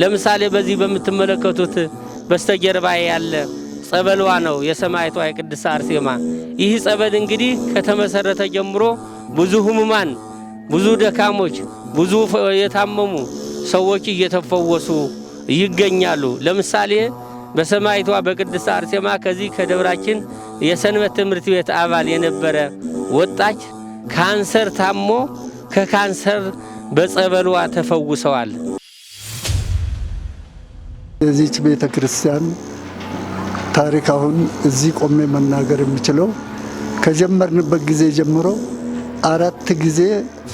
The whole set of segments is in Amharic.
ለምሳሌ በዚህ በምትመለከቱት በስተጀርባ ያለ ጸበልዋ ነው የሰማዕቷ የቅድስት አርሴማ። ይህ ጸበል እንግዲህ ከተመሰረተ ጀምሮ ብዙ ህሙማን፣ ብዙ ደካሞች፣ ብዙ የታመሙ ሰዎች እየተፈወሱ ይገኛሉ። ለምሳሌ በሰማዕቷ በቅድስት አርሴማ ከዚህ ከደብራችን የሰንበት ትምህርት ቤት አባል የነበረ ወጣች ካንሰር ታሞ ከካንሰር በጸበልዋ ተፈውሰዋል። የዚች ቤተ ክርስቲያን ታሪክ አሁን እዚህ ቆሜ መናገር የምችለው ከጀመርንበት ጊዜ ጀምሮ አራት ጊዜ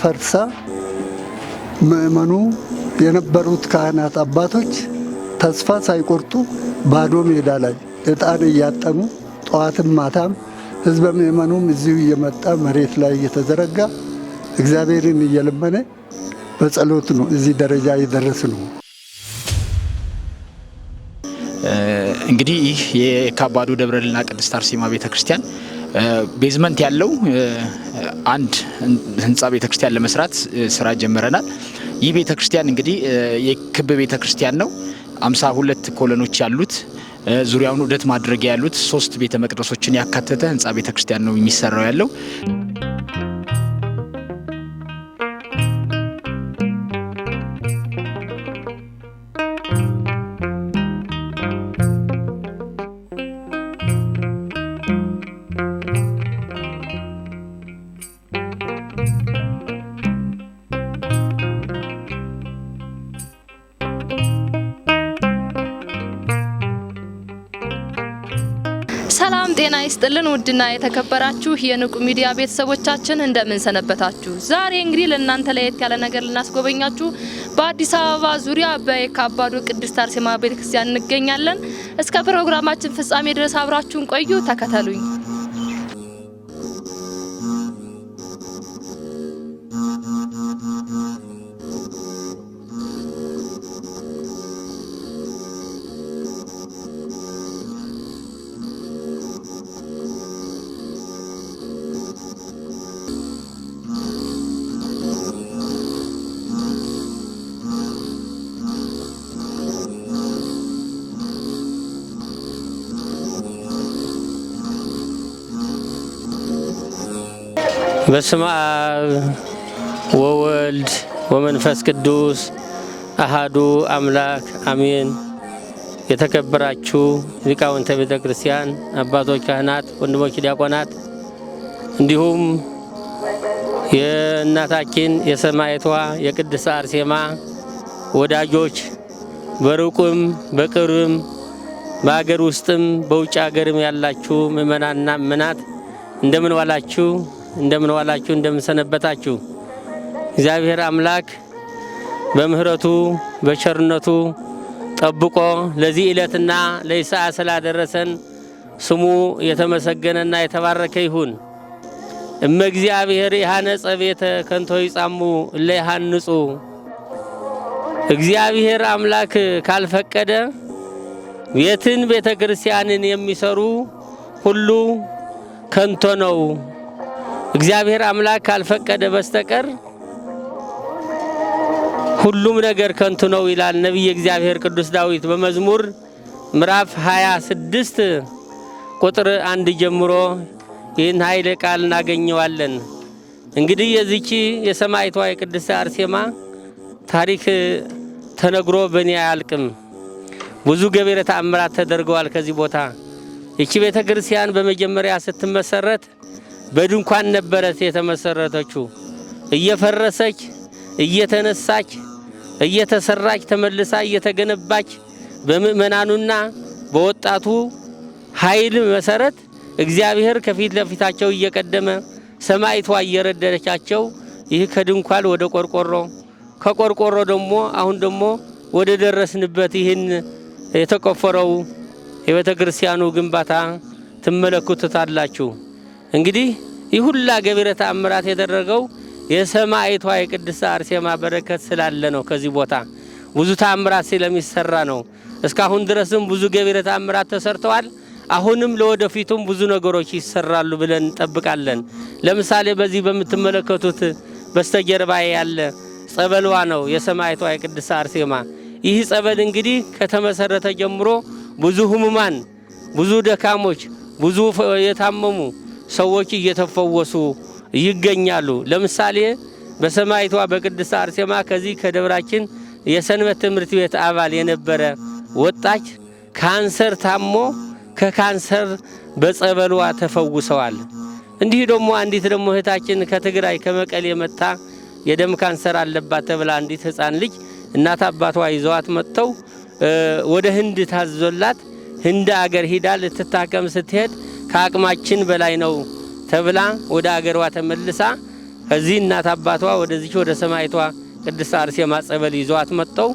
ፈርሳ ምእመኑ የነበሩት ካህናት አባቶች ተስፋ ሳይቆርጡ ባዶ ሜዳ ላይ እጣን እያጠኑ ጠዋትም ማታም ህዝበ ምእመኑም እዚሁ እየመጣ መሬት ላይ እየተዘረጋ እግዚአብሔርን እየለመነ በጸሎት ነው እዚህ ደረጃ የደረስ ነው። እንግዲህ ይህ የካባዶ ደብረልና ቅድስት አርሴማ ቤተክርስቲያን ቤዝመንት ያለው አንድ ህንፃ ቤተክርስቲያን ለመስራት ስራ ጀምረናል። ይህ ቤተክርስቲያን እንግዲህ የክብ ቤተክርስቲያን ነው። አምሳ ሁለት ኮለኖች ያሉት ዙሪያውን ውደት ማድረጊያ ያሉት ሶስት ቤተ መቅደሶችን ያካተተ ህንፃ ቤተክርስቲያን ነው የሚሰራው ያለው ሰላም ጤና ይስጥልን። ውድና የተከበራችሁ የንቁ ሚዲያ ቤተሰቦቻችን እንደምን ሰነበታችሁ? ዛሬ እንግዲህ ለእናንተ ለየት ያለ ነገር ልናስጎበኛችሁ በአዲስ አበባ ዙሪያ በካባዶ ቅድስት አርሴማ ቤተክርስቲያን እንገኛለን። እስከ ፕሮግራማችን ፍጻሜ ድረስ አብራችሁን ቆዩ፣ ተከተሉኝ። በስመ አብ ወወልድ ወመንፈስ ቅዱስ አሃዱ አምላክ አሜን። የተከበራችሁ ሊቃውንተ ቤተ ክርስቲያን አባቶች፣ ካህናት፣ ወንድሞች ዲያቆናት እንዲሁም የእናታችን የሰማዕቷ የቅድስት አርሴማ ወዳጆች በሩቁም በቅርብም በአገር ውስጥም በውጭ አገርም ያላችሁ ምእመናንና ምእመናት እንደምን ዋላችሁ? እንደምን ዋላችሁ፣ እንደምን ሰነበታችሁ። እግዚአብሔር አምላክ በምህረቱ በቸርነቱ ጠብቆ ለዚህ ዕለትና ለይሳ ስላደረሰን ስሙ የተመሰገነና የተባረከ ይሁን። እመ እግዚአብሔር የሃነጸ ቤተ ከንቶ ይጻሙ እለ ይሃንጹ። እግዚአብሔር አምላክ ካልፈቀደ ቤትን ቤተ ክርስቲያንን የሚሰሩ ሁሉ ከንቶ ነው። እግዚአብሔር አምላክ ካልፈቀደ በስተቀር ሁሉም ነገር ከንቱ ነው ይላል ነቢየ እግዚአብሔር ቅዱስ ዳዊት በመዝሙር ምዕራፍ 26 ቁጥር አንድ ጀምሮ ይህን ኃይለ ቃል እናገኘዋለን። እንግዲህ የዚቺ የሰማይቷ የቅድስት አርሴማ ታሪክ ተነግሮ በእኔ አያልቅም። ብዙ ገቢረ ተአምራት ተደርገዋል። ከዚህ ቦታ ይቺ ቤተ ክርስቲያን በመጀመሪያ ስትመሰረት በድንኳን ነበረት የተመሰረተችው። እየፈረሰች እየተነሳች እየተሰራች ተመልሳ እየተገነባች በምእመናኑና በወጣቱ ኃይል መሰረት እግዚአብሔር ከፊት ለፊታቸው እየቀደመ ሰማይቷ እየረደረቻቸው ይህ ከድንኳን ወደ ቆርቆሮ ከቆርቆሮ ደግሞ አሁን ደግሞ ወደ ደረስንበት ይህን የተቆፈረው የቤተ ክርስቲያኑ ግንባታ ትመለከቱታላችሁ እንግዲህ ይህ ሁላ ገቢረ ተአምራት የደረገው የሰማዕቷ የቅድስት አርሴማ በረከት ስላለ ነው። ከዚህ ቦታ ብዙ ተአምራት ስለሚሰራ ነው። እስካሁን ድረስም ብዙ ገቢረ ተአምራት ተሰርተዋል። አሁንም ለወደፊቱም ብዙ ነገሮች ይሰራሉ ብለን እንጠብቃለን። ለምሳሌ በዚህ በምትመለከቱት በስተጀርባ ያለ ጸበልዋ ነው የሰማዕቷ የቅድስት አርሴማ። ይህ ጸበል እንግዲህ ከተመሰረተ ጀምሮ ብዙ ህሙማን፣ ብዙ ደካሞች፣ ብዙ የታመሙ ሰዎች እየተፈወሱ ይገኛሉ። ለምሳሌ በሰማይቷ በቅድስት አርሴማ ከዚህ ከደብራችን የሰንበት ትምህርት ቤት አባል የነበረ ወጣች ካንሰር ታሞ ከካንሰር በጸበሏ ተፈውሰዋል። እንዲህ ደግሞ አንዲት ደግሞ እህታችን ከትግራይ ከመቀሌ መጥታ የደም ካንሰር አለባት ተብላ አንዲት ሕፃን ልጅ እናት አባቷ ይዘዋት መጥተው ወደ ህንድ ታዞላት ህንድ አገር ሂዳ ልትታከም ስትሄድ ከአቅማችን በላይ ነው ተብላ ወደ አገሯ ተመልሳ እዚህ እናት አባቷ ወደዚች ወደ ሰማይቷ ቅድስት አርሴማ ጸበል ይዟት መጥተው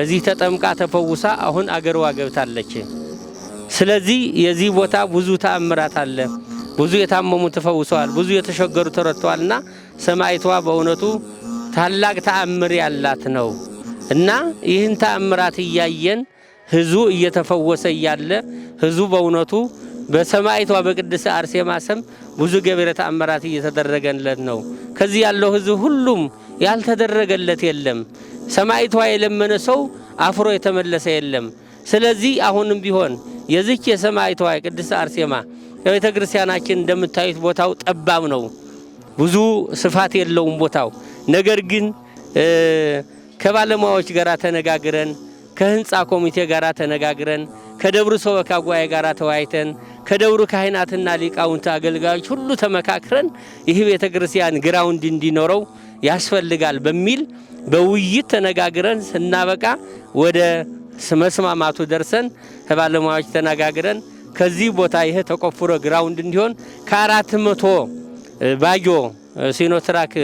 እዚህ ተጠምቃ ተፈውሳ አሁን አገሯ ገብታለች። ስለዚህ የዚህ ቦታ ብዙ ተአምራት አለ። ብዙ የታመሙ ተፈውሰዋል፣ ብዙ የተሸገሩ ተረድተዋልና ሰማይቷ በእውነቱ ታላቅ ተአምር ያላት ነው እና ይህን ተአምራት እያየን ህዝቡ እየተፈወሰ እያለ ህዝቡ በእውነቱ በሰማይቷ በቅድስ አርሴማ ስም ብዙ ገቢረ ተአምራት እየተደረገለት ነው። ከዚህ ያለው ህዝብ ሁሉም ያልተደረገለት የለም። ሰማይቷ የለመነ ሰው አፍሮ የተመለሰ የለም። ስለዚህ አሁንም ቢሆን የዚች የሰማይቷ የቅድስ አርሴማ የቤተ ክርስቲያናችን እንደምታዩት ቦታው ጠባብ ነው፣ ብዙ ስፋት የለውም ቦታው። ነገር ግን ከባለሙያዎች ጋር ተነጋግረን ከህንፃ ኮሚቴ ጋር ተነጋግረን ከደብሩ ሰበካ ጉባኤ ጋር ተወያይተን ከደብሩ ካህናትና ሊቃውንት አገልጋዮች ሁሉ ተመካክረን ይህ ቤተ ክርስቲያን ግራውንድ እንዲኖረው ያስፈልጋል በሚል በውይይት ተነጋግረን ስናበቃ ወደ መስማማቱ ደርሰን ከባለሙያዎች ተነጋግረን ከዚህ ቦታ ይህ ተቆፍሮ ግራውንድ እንዲሆን ከአራት መቶ ባጆ ሲኖትራክ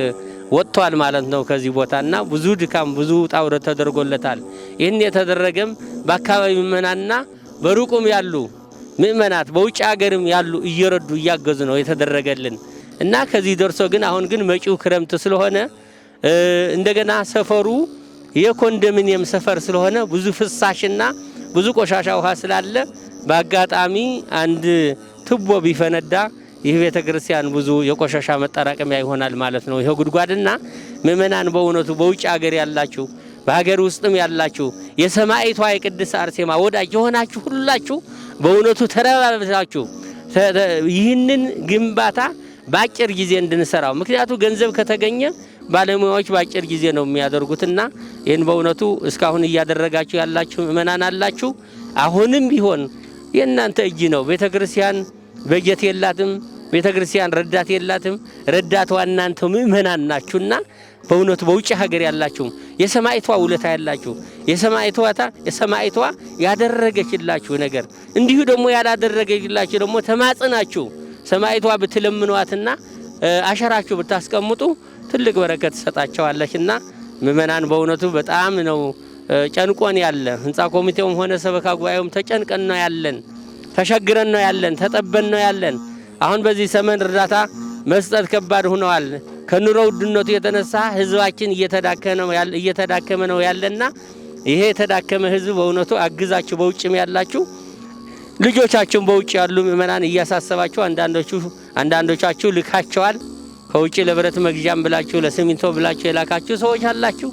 ወጥቷል ማለት ነው። ከዚህ ቦታና ብዙ ድካም ብዙ ጣውረት ተደርጎለታል። ይህን የተደረገም በአካባቢ ምዕመናንና በሩቁም ያሉ ምእመናት በውጭ ሀገርም ያሉ እየረዱ እያገዙ ነው የተደረገልን እና ከዚህ ደርሶ ግን አሁን ግን መጪው ክረምት ስለሆነ እንደገና ሰፈሩ የኮንዶሚኒየም ሰፈር ስለሆነ ብዙ ፍሳሽና ብዙ ቆሻሻ ውሃ ስላለ በአጋጣሚ አንድ ቱቦ ቢፈነዳ ይህ ቤተ ክርስቲያን ብዙ የቆሻሻ መጠራቀሚያ ይሆናል ማለት ነው። ይኸው ጉድጓድና ምእመናን በእውነቱ በውጭ ሀገር ያላችሁ በሀገር ውስጥም ያላችሁ የሰማዕቷ የቅድስት አርሴማ ወዳጅ የሆናችሁ ሁላችሁ በእውነቱ ተረባብታችሁ ይህንን ግንባታ በአጭር ጊዜ እንድንሰራው፣ ምክንያቱ ገንዘብ ከተገኘ ባለሙያዎች በአጭር ጊዜ ነው የሚያደርጉትና ይህን በእውነቱ እስካሁን እያደረጋችሁ ያላችሁ ምእመናን አላችሁ። አሁንም ቢሆን የእናንተ እጅ ነው። ቤተ ክርስቲያን በጀት የላትም። ቤተ ክርስቲያን ረዳት የላትም። ረዳቷ እናንተ ምእመናን ናችሁና በእውነቱ በውጭ ሀገር ያላችሁ የሰማይቷ ውለታ ያላችሁ የሰማይቷታ የሰማይቷ ያደረገችላችሁ ነገር እንዲሁ ደግሞ ያላደረገችላችሁ ደግሞ ተማጽናችሁ ሰማይቷ ብትለምኗትና አሸራችሁ ብታስቀምጡ ትልቅ በረከት ትሰጣቸዋለችና ምእመናን በእውነቱ በጣም ነው ጨንቆን ያለ ህንፃ ኮሚቴውም ሆነ ሰበካ ጉባኤውም ተጨንቀን ነው ያለን፣ ተሸግረን ነው ያለን፣ ተጠበን ነው ያለን። አሁን በዚህ ሰመን እርዳታ መስጠት ከባድ ሆነዋል። ከኑሮ ውድነቱ የተነሳ ህዝባችን እየተዳከመ ነው ያለና ይሄ የተዳከመ ህዝብ በእውነቱ አግዛችሁ በውጭም ያላችሁ ልጆቻችሁን በውጭ ያሉ ምእመናን እያሳሰባችሁ አንዳንዶቻችሁ ልካቸዋል። ከውጭ ለብረት መግዣም ብላችሁ ለሲሚንቶ ብላችሁ የላካችሁ ሰዎች አላችሁ።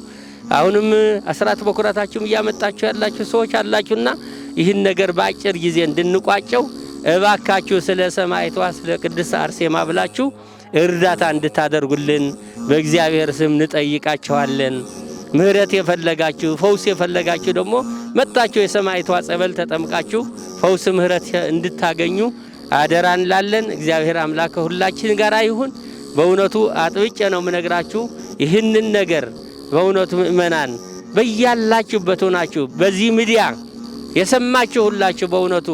አሁንም አስራት በኩራታችሁም እያመጣችሁ ያላችሁ ሰዎች አላችሁና ይህን ነገር በአጭር ጊዜ እንድንቋጨው እባካችሁ ስለ ሰማዕቷ ስለ ቅድስት አርሴማ ብላችሁ እርዳታ እንድታደርጉልን በእግዚአብሔር ስም እንጠይቃችኋለን። ምሕረት የፈለጋችሁ ፈውስ የፈለጋችሁ ደግሞ መጥታችሁ የሰማይቷ ጸበል ተጠምቃችሁ ፈውስ ምሕረት እንድታገኙ አደራ እንላለን። እግዚአብሔር አምላክ ከሁላችን ጋር ይሁን። በእውነቱ አጥብቄ ነው የምነግራችሁ ይህንን ነገር በእውነቱ ምእመናን በያላችሁበት ሆናችሁ በዚህ ሚዲያ የሰማችሁ ሁላችሁ በእውነቱ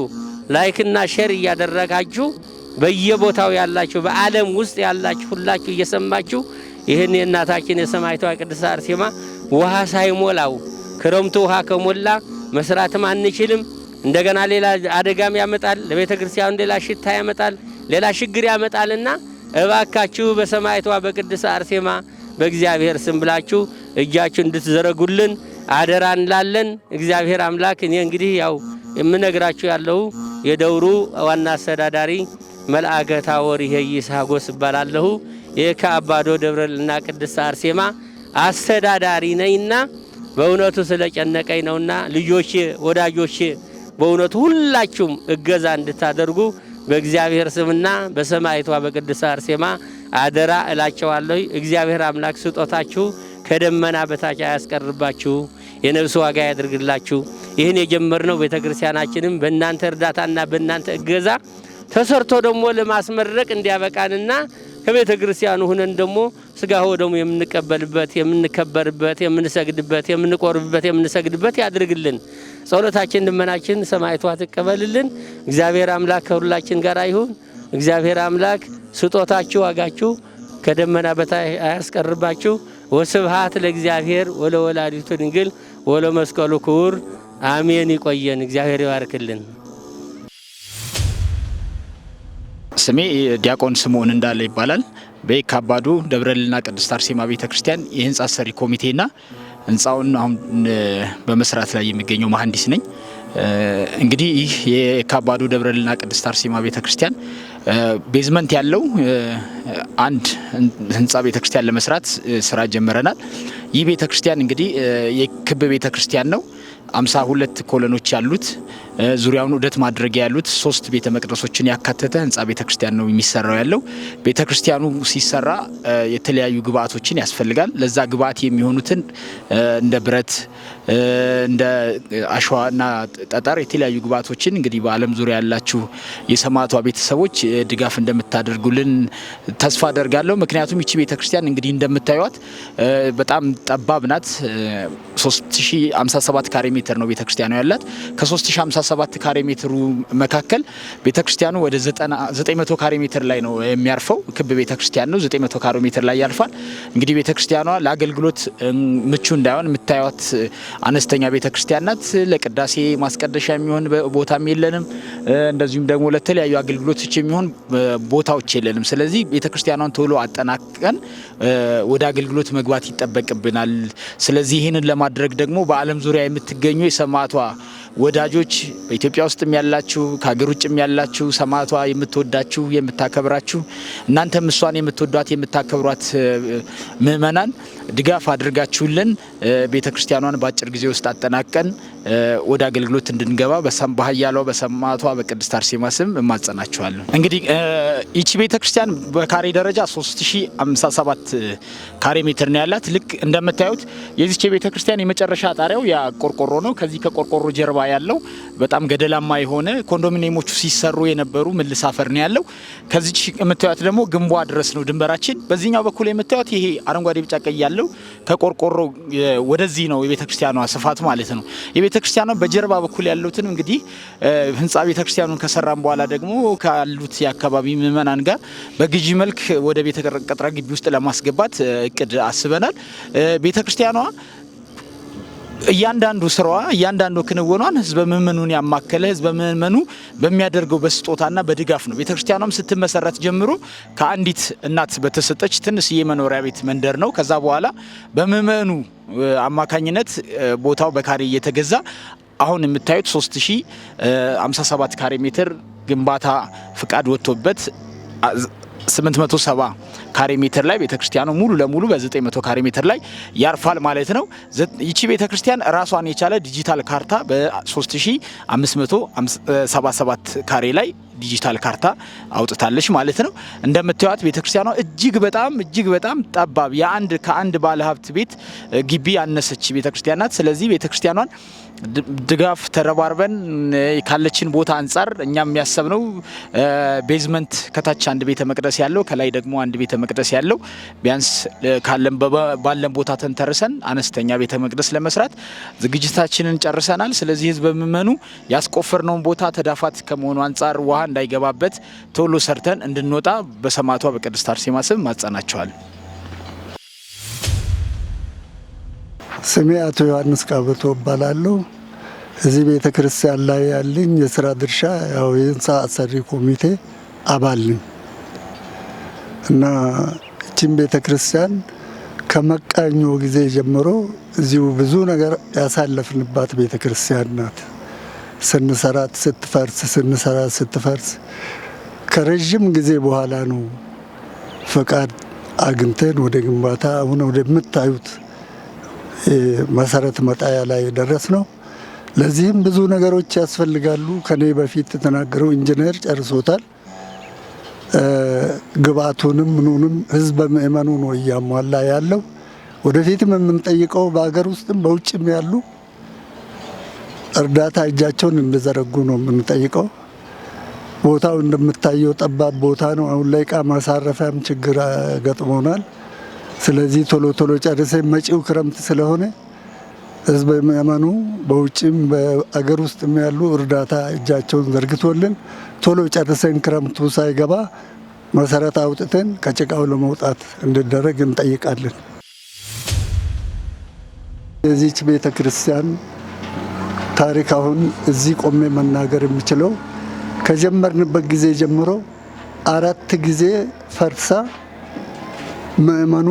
ላይክና ሼር እያደረጋችሁ በየቦታው ያላችሁ በዓለም ውስጥ ያላችሁ ሁላችሁ እየሰማችሁ ይህን የእናታችን የሰማዕቷ ቅድስት አርሴማ ውሃ ሳይሞላው ክረምቱ ውሃ ከሞላ መስራትም አንችልም። እንደገና ሌላ አደጋም ያመጣል፣ ለቤተ ክርስቲያኑ ሌላ ሽታ ያመጣል፣ ሌላ ችግር ያመጣልና እባካችሁ በሰማዕቷ በቅድስት አርሴማ በእግዚአብሔር ስም ብላችሁ እጃችሁ እንድትዘረጉልን አደራ እንላለን። እግዚአብሔር አምላክ እኔ እንግዲህ ያው የምነግራችሁ ያለው የደብሩ ዋና አስተዳዳሪ ወር ይሄ ይሳጎስ እባላለሁ። የካባዶ ደብረ ልና ቅድስት አርሴማ አስተዳዳሪ ነኝና በእውነቱ ስለጨነቀኝ ነውና ልጆቼ፣ ወዳጆቼ በእውነቱ ሁላችሁም እገዛ እንድታደርጉ በእግዚአብሔር ስምና በሰማይቷ በቅድስት አርሴማ አደራ እላቸዋለሁ። እግዚአብሔር አምላክ ስጦታችሁ ከደመና በታች አያስቀርባችሁ፣ የነፍስ ዋጋ ያድርግላችሁ። ይህን የጀመርነው ቤተ ክርስቲያናችንም በእናንተ እርዳታና በእናንተ እገዛ ተሰርቶ ደግሞ ለማስመረቅ እንዲያበቃንና ከቤተ ክርስቲያኑ ሁነን ደግሞ ስጋ ወደሙ የምንቀበልበት የምንከበርበት የምንሰግድበት የምንቆርብበት የምንሰግድበት ያድርግልን። ጸሎታችን፣ ልመናችን ሰማይቷ ትቀበልልን። እግዚአብሔር አምላክ ከሁላችን ጋር ይሁን። እግዚአብሔር አምላክ ስጦታችሁ ዋጋችሁ ከደመና በታች አያስቀርባችሁ። ወስብሃት ለእግዚአብሔር ወለወላዲቱ ድንግል ወለመስቀሉ ክቡር አሜን። ይቆየን። እግዚአብሔር ይባርክልን። ስሜ ዲያቆን ስምዖን እንዳለ ይባላል። በካባዱ ደብረልና ቅድስት አርሴማ ቤተ ክርስቲያን የህንፃ ኮሚቴ ኮሚቴና ህንፃውን አሁን በመስራት ላይ የሚገኘው መሀንዲስ ነኝ። እንግዲህ ይህ የካባዱ ደብረልና ቅድስት አርሴማ ቤተ ክርስቲያን ቤዝመንት ያለው አንድ ህንፃ ቤተ ክርስቲያን ለመስራት ስራ ጀምረናል። ይህ ቤተ ክርስቲያን እንግዲህ የክብ ቤተ ክርስቲያን ነው። አምሳ ሁለት ኮለኖች ያሉት ዙሪያውን ውደት ማድረጊያ ያሉት ሶስት ቤተ መቅደሶችን ያካተተ ህንፃ ቤተ ክርስቲያን ነው የሚሰራው ያለው። ቤተ ክርስቲያኑ ሲሰራ የተለያዩ ግብአቶችን ያስፈልጋል። ለዛ ግብአት የሚሆኑትን እንደ ብረት፣ እንደ አሸዋና ጠጠር የተለያዩ ግብአቶችን እንግዲህ በዓለም ዙሪያ ያላችሁ የሰማዕቷ ቤተሰቦች ድጋፍ እንደምታደርጉልን ተስፋ አደርጋለሁ። ምክንያቱም ይቺ ቤተ ክርስቲያን እንግዲህ እንደምታዩት በጣም ጠባብ ናት። 3057 ካሬ ሜትር ነው ቤተክርስቲያኑ ያላት። ከ3057 ካሬ ሜትሩ መካከል ቤተክርስቲያኑ ወደ 900 ካሬ ሜትር ላይ ነው የሚያርፈው። ክብ ቤተክርስቲያን ነው፣ 900 ካሬ ሜትር ላይ ያልፋል። እንግዲህ ቤተክርስቲያኗ ለአገልግሎት ምቹ እንዳይሆን የምታዩት አነስተኛ ቤተክርስቲያን ናት። ለቅዳሴ ማስቀደሻ የሚሆን ቦታም የለንም፣ እንደዚሁም ደግሞ ለተለያዩ አገልግሎቶች የሚሆን ቦታዎች የለንም። ስለዚህ ቤተክርስቲያኗን ቶሎ አጠናቀን ወደ አገልግሎት መግባት ይጠበቅብናል። ስለዚህ ይህንን ለማድረግ ደግሞ በዓለም ዙሪያ የምትገኝ የምትገኙ የሰማዕቷ ወዳጆች በኢትዮጵያ ውስጥም ያላችሁ ከሀገር ውጭም ያላችሁ ሰማዕቷ የምትወዳችሁ የምታከብራችሁ እናንተም እሷን የምትወዷት የምታከብሯት ምእመናን ድጋፍ አድርጋችሁልን ቤተ ክርስቲያኗን በአጭር ጊዜ ውስጥ አጠናቀን ወደ አገልግሎት እንድንገባ በሀያሏ በሰማዕቷ በቅድስት አርሴማ ስም እማጸናችኋለሁ። እንግዲህ ይቺ ቤተ ክርስቲያን በካሬ ደረጃ 3057 ካሬ ሜትር ነው ያላት። ልክ እንደምታዩት የዚች ቤተ ክርስቲያን የመጨረሻ ጣሪያው ያ ቆርቆሮ ነው። ከዚህ ከቆርቆሮ ጀርባ ያለው በጣም ገደላማ የሆነ ኮንዶሚኒየሞቹ ሲሰሩ የነበሩ ምልስ አፈር ነው ያለው። ከዚች የምታዩት ደግሞ ግንቧ ድረስ ነው ድንበራችን። በዚህኛው በኩል የምታዩት ይሄ አረንጓዴ ቢጫ ቀይ ያለው ከቆርቆሮ ወደዚህ ነው የቤተክርስቲያኗ ስፋት ማለት ነው። የቤተክርስቲያኗ በጀርባ በኩል ያሉትን እንግዲህ ህንፃ ክርስቲያኑን ከሰራን በኋላ ደግሞ ካሉት የአካባቢ ምእመናን ጋር በግዢ መልክ ወደ ቤተ ቅጥራ ግቢ ውስጥ ለማስገባት እቅድ አስበናል። ቤተክርስቲያኗ እያንዳንዱ ስራዋ እያንዳንዱ ክንውኗን ህዝበ ምእመኑን ያማከለ ህዝበ ምእመኑ በሚያደርገው በስጦታና በድጋፍ ነው። ቤተክርስቲያኗም ስትመሰረት ጀምሮ ከአንዲት እናት በተሰጠች ትንሽዬ መኖሪያ ቤት መንደር ነው። ከዛ በኋላ በምእመኑ አማካኝነት ቦታው በካሬ እየተገዛ አሁን የምታዩት 3057 ካሬ ሜትር ግንባታ ፍቃድ ወጥቶበት 870 ካሬ ሜትር ላይ ቤተክርስቲያኑ ሙሉ ለሙሉ በ900 ካሬ ሜትር ላይ ያርፋል ማለት ነው። ይቺ ቤተክርስቲያን ራሷን የቻለ ዲጂታል ካርታ በ3577 ካሬ ላይ ዲጂታል ካርታ አውጥታለች ማለት ነው። እንደምታዩት ቤተክርስቲያኗ እጅግ በጣም እጅግ በጣም ጠባብ የአንድ ከአንድ ባለሀብት ቤት ግቢ ያነሰች ቤተክርስቲያን ናት። ስለዚህ ቤተክርስቲያኗን ድጋፍ ተረባርበን ካለችን ቦታ አንጻር እኛ የሚያሰብነው ቤዝመንት ከታች አንድ ቤተ መቅደስ ያለው ከላይ ደግሞ አንድ ቤተ መቅደስ ያለው ቢያንስ ካለን ባለን ቦታ ተንተርሰን አነስተኛ ቤተ መቅደስ ለመስራት ዝግጅታችንን ጨርሰናል። ስለዚህ ህዝብ በምመኑ ያስቆፈርነውን ቦታ ተዳፋት ከመሆኑ አንጻር ውሃ እንዳይገባበት ቶሎ ሰርተን እንድንወጣ በሰማዕቷ በቅድስት አርሴማ ስም ማጸናቸዋል። ስሜ አቶ ዮሐንስ ቀበቶ እባላለሁ። እዚህ ቤተ ክርስቲያን ላይ ያለኝ የስራ ድርሻ ያው የህንፃ አሰሪ ኮሚቴ አባል ነኝ እና እችን ቤተ ክርስቲያን ከመቃኞ ጊዜ ጀምሮ እዚሁ ብዙ ነገር ያሳለፍንባት ቤተ ክርስቲያን ናት። ስንሰራት ስትፈርስ፣ ስንሰራት ስትፈርስ ከረዥም ጊዜ በኋላ ነው ፈቃድ አግኝተን ወደ ግንባታ አሁን ወደምታዩት መሰረት መጣያ ላይ ደረስ ነው። ለዚህም ብዙ ነገሮች ያስፈልጋሉ። ከኔ በፊት የተናገረው ኢንጂነር ጨርሶታል። ግብአቱንም ምኑንም ህዝብ ምእመኑ ነው እያሟላ ያለው። ወደፊትም የምንጠይቀው በሀገር ውስጥም በውጭም ያሉ እርዳታ እጃቸውን እንደዘረጉ ነው የምንጠይቀው። ቦታው እንደምታየው ጠባብ ቦታ ነው። አሁን ላይ እቃ ማሳረፊያም ችግር ገጥሞናል። ስለዚህ ቶሎ ቶሎ ጨርሰ መጪው ክረምት ስለሆነ ህዝበ የመኑ በውጭም በአገር ውስጥም ያሉ እርዳታ እጃቸውን ዘርግቶልን ቶሎ ጨርሰን ክረምቱ ሳይገባ መሰረት አውጥተን ከጭቃው ለመውጣት እንዲደረግ እንጠይቃለን። የዚች ቤተ ክርስቲያን ታሪክ አሁን እዚህ ቆሜ መናገር የምችለው ከጀመርንበት ጊዜ ጀምሮ አራት ጊዜ ፈርሳ ምእመኑ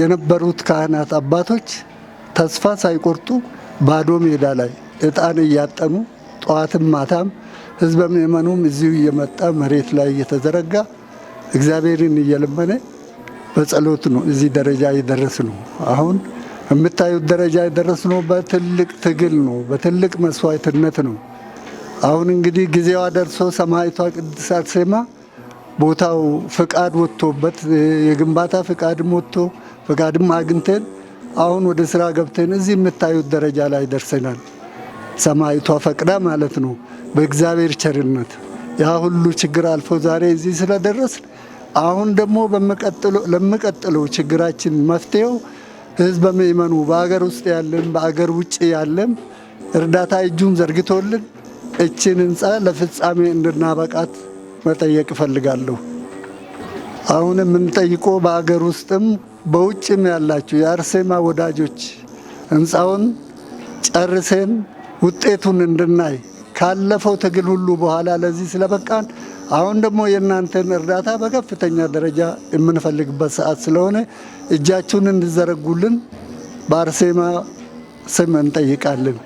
የነበሩት ካህናት አባቶች ተስፋ ሳይቆርጡ ባዶ ሜዳ ላይ እጣን እያጠኑ ጠዋትም ማታም ህዝበ ምእመኑም እዚሁ እየመጣ መሬት ላይ እየተዘረጋ እግዚአብሔርን እየለመነ በጸሎት ነው እዚህ ደረጃ የደረስ ነው። አሁን የምታዩት ደረጃ የደረስ ነው በትልቅ ትግል ነው፣ በትልቅ መስዋዕትነት ነው። አሁን እንግዲህ ጊዜዋ ደርሶ ሰማዕቷ ቅድስት አርሴማ ቦታው ፍቃድ ወጥቶበት የግንባታ ፍቃድም ወጥቶ ፍቃድም አግኝተን አሁን ወደ ስራ ገብተን እዚህ የምታዩት ደረጃ ላይ ደርሰናል። ሰማይቷ ፈቅዳ ማለት ነው። በእግዚአብሔር ቸርነት ያ ሁሉ ችግር አልፎ ዛሬ እዚህ ስለደረስ አሁን ደግሞ ለምቀጥለው ችግራችን መፍትሄው ህዝበ ምእመኑ በአገር ውስጥ ያለን በአገር ውጭ ያለን እርዳታ እጁን ዘርግቶልን እችን ህንፃ ለፍጻሜ እንድናበቃት መጠየቅ እፈልጋለሁ። አሁን የምንጠይቆ በሀገር ውስጥም በውጭም ያላችሁ የአርሴማ ወዳጆች ህንፃውን ጨርሰን ውጤቱን እንድናይ ካለፈው ትግል ሁሉ በኋላ ለዚህ ስለበቃን አሁን ደግሞ የእናንተን እርዳታ በከፍተኛ ደረጃ የምንፈልግበት ሰዓት ስለሆነ እጃችሁን እንድዘረጉልን በአርሴማ ስም እንጠይቃለን።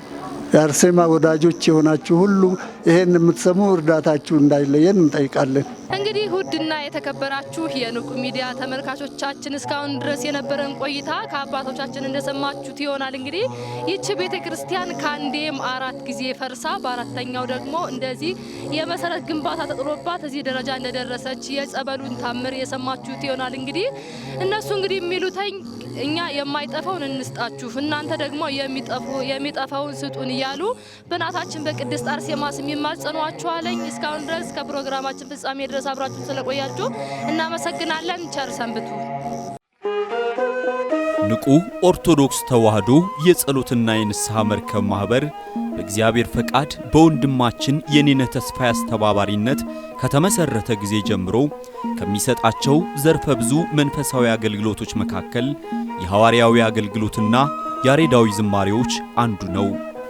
የአርሴማ ወዳጆች የሆናችሁ ሁሉ ይሄን የምትሰሙ እርዳታችሁ እንዳይለየን እንጠይቃለን። እንግዲህ ውድና የተከበራችሁ የንቁ ሚዲያ ተመልካቾቻችን እስካሁን ድረስ የነበረን ቆይታ ከአባቶቻችን እንደሰማችሁት ይሆናል። እንግዲህ ይቺ ቤተ ክርስቲያን ከአንዴም አራት ጊዜ ፈርሳ በአራተኛው ደግሞ እንደዚህ የመሰረት ግንባታ ተጥሎባት እዚህ ደረጃ እንደደረሰች የጸበሉን ታምር የሰማችሁት ይሆናል። እንግዲህ እነሱ እንግዲህ የሚሉተኝ እኛ የማይጠፋውን እንስጣችሁ እናንተ ደግሞ የሚጠፋውን ስጡን እያሉ በእናታችን በቅድስት አርሴማ ስም እንማጸኗችኋለኝ። እስካሁን ድረስ ከፕሮግራማችን ፍጻሜ ድረስ አብራችሁን ስለቆያችሁ እናመሰግናለን። ቸር ሰንብቱ። ንቁ ኦርቶዶክስ ተዋህዶ የጸሎትና የንስሐ መርከብ ማኅበር በእግዚአብሔር ፈቃድ በወንድማችን የኔነ ተስፋ አስተባባሪነት ከተመሠረተ ጊዜ ጀምሮ ከሚሰጣቸው ዘርፈ ብዙ መንፈሳዊ አገልግሎቶች መካከል የሐዋርያዊ አገልግሎትና ያሬዳዊ ዝማሬዎች አንዱ ነው።